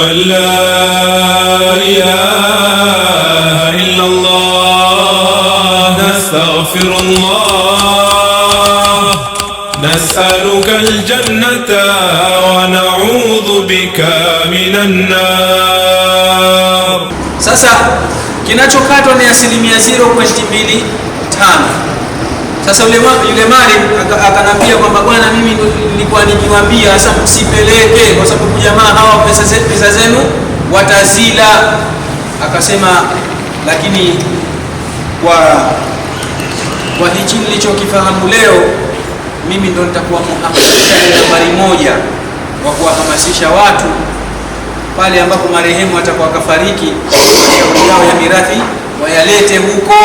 لا إله إلا الله نستغفر الله نسألك الجنة ونعوذ بك من النار. Sasa kinachokatwa ni asilimia 0.25 Sasa yule yule mali akanambia kwamba bwana, mimi nilikuwa nikiwaambia sasa msipeleke kwa sababu jamaa hawa pesa pesa zenu watazila. Akasema lakini kwa kwa hichi nilichokifahamu leo, mimi ndo nitakuwa mhamasishaji nambari moja wa kuwahamasisha watu pale ambapo marehemu atakuwa kafariki, yao ya mirathi wayalete huko,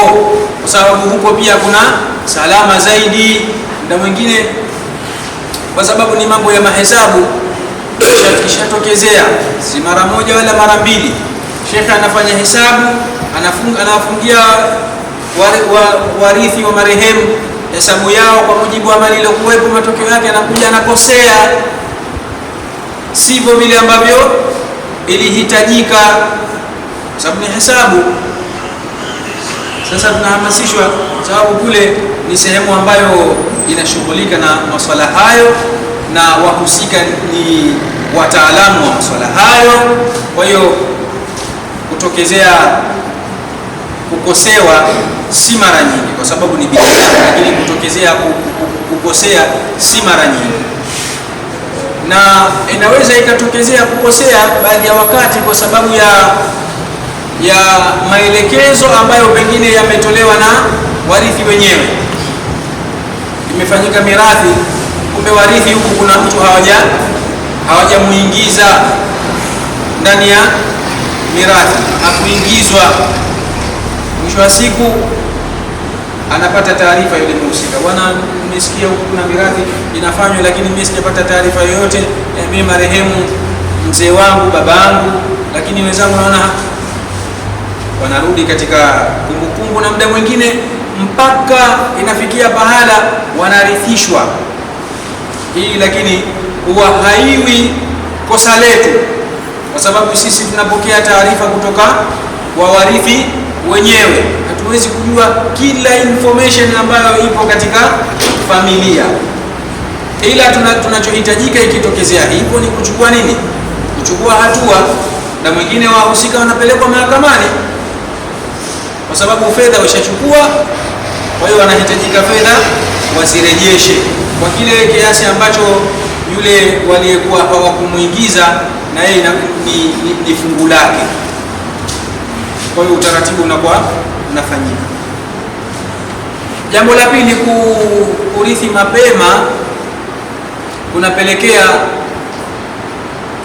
kwa sababu huko pia kuna salama zaidi. Na mwingine kwa sababu ni mambo ya mahesabu kishatokezea, si mara moja wala mara mbili. Shekhe anafanya hesabu, anawafungia warithi wa marehemu hesabu yao kwa mujibu wa mali iliyokuwepo. Matokeo yake anakuja anakosea, sivyo vile ambavyo ilihitajika, sababu ni hesabu sasa tunahamasishwa sababu kule ni sehemu ambayo inashughulika na masuala hayo na wahusika ni wataalamu wa masuala hayo. Kwa hiyo kutokezea kukosewa si mara nyingi, kwa sababu ni binadamu, lakini kutokezea kukosea si mara nyingi, na inaweza ikatokezea kukosea baadhi ya wakati kwa sababu ya ya maelekezo ambayo pengine yametolewa na warithi wenyewe. Imefanyika mirathi, kumbe warithi huku kuna mtu hawaja hawajamuingiza ndani ya mirathi, akuingizwa Mwisho wa siku anapata taarifa yule mhusika, bwana, nimesikia huku kuna mirathi inafanywa, lakini mimi sijapata taarifa yoyote. Eh, mimi marehemu mzee wangu, baba yangu, lakini wenzangu naona wanarudi katika kumbukumbu, na muda mwingine mpaka inafikia pahala wanarithishwa hii, lakini huwa haiwi kosa letu, kwa sababu sisi tunapokea taarifa kutoka kwa warithi wenyewe. Hatuwezi kujua kila information ambayo ipo katika familia, ila tunachohitajika tuna ikitokezea hivyo ni kuchukua nini, kuchukua hatua, na mwingine wahusika wanapelekwa mahakamani kwa sababu fedha washachukua, kwa hiyo wanahitajika fedha wasirejeshe kwa kile kiasi ambacho yule waliyekuwa hawakumwingiza na yeye ni, ni, ni fungu lake. Kwa hiyo utaratibu unakuwa unafanyika. Jambo la pili, kurithi mapema kunapelekea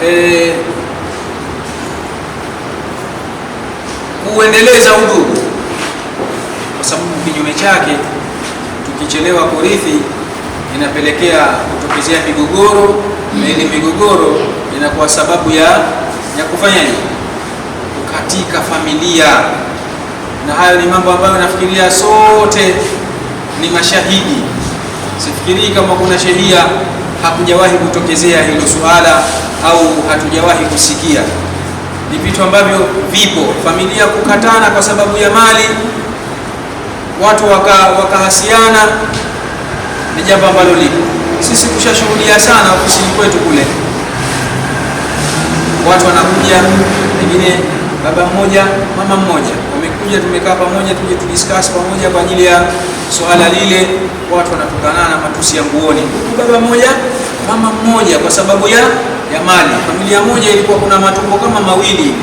e, kuendeleza udugu kinyume chake, tukichelewa kurithi inapelekea kutokezea migogoro, na ile migogoro inakuwa sababu ya ya kufanyaje, kukatika familia. Na hayo ni mambo ambayo nafikiria sote ni mashahidi. Sifikirii kama kuna sheria hakujawahi kutokezea hilo suala au hatujawahi kusikia. Ni vitu ambavyo vipo, familia kukatana kwa sababu ya mali watu wakahasiana, waka ni jambo ambalo lipo. Sisi tushashuhudia sana ofisini kwetu kule, watu wanakuja pengine baba mmoja mama mmoja, wamekuja tumekaa pamoja, tuje tudiskasi pamoja kwa ajili ya swala lile, watu wanatukanana na matusi ya nguoni, huku baba mmoja mama mmoja, kwa sababu ya ya mali. Familia moja ilikuwa kuna matumbo kama mawili,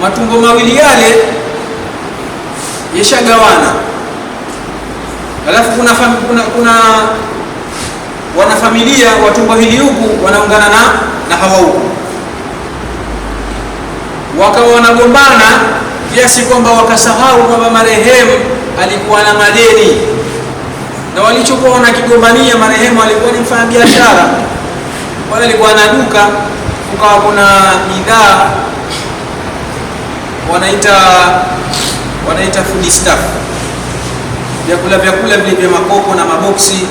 matumbo mawili yale yashagawana Alafu kuna, kuna, kuna wanafamilia wa hili huku wanaungana na na hawa huku, wakawa wanagombana kiasi kwamba wakasahau kwamba marehemu alikuwa na madeni, na walichokuwa wanakigombania marehemu alikuwa ni biashara wala alikuwa na duka, ukawa kuna bidhaa wanaita wanaita food stuff, vyakula vyakula vile vya makopo na maboksi,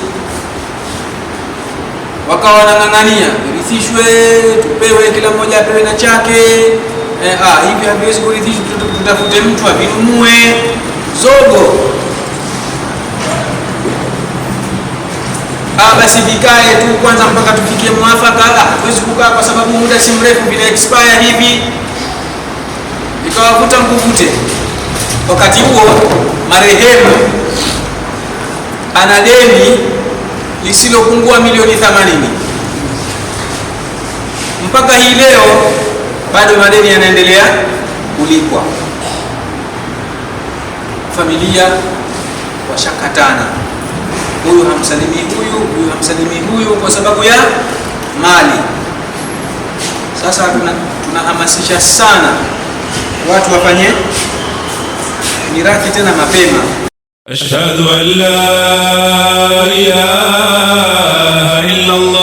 wakawa wanang'ang'ania virithishwe, tupewe, kila mmoja apewe na chake. Eh, ah, hivi haviwezi kurithishwa, tutafute mtu avinunue. Zogo ah, basi vikae tu kwanza mpaka tufikie mwafaka. Ah, hatuwezi kukaa kwa sababu muda si mrefu vina expire hivi, ikawavuta mkuvute Wakati huo marehemu ana deni lisilopungua milioni 80. Mpaka hii leo bado madeni yanaendelea kulipwa. Familia washakatana, huyu hamsalimii huyu, huyu hamsalimii huyu kwa sababu ya mali. Sasa tunahamasisha tuna sana watu wafanye miradi tena mapema. Ashhadu an la ilaha illa Allah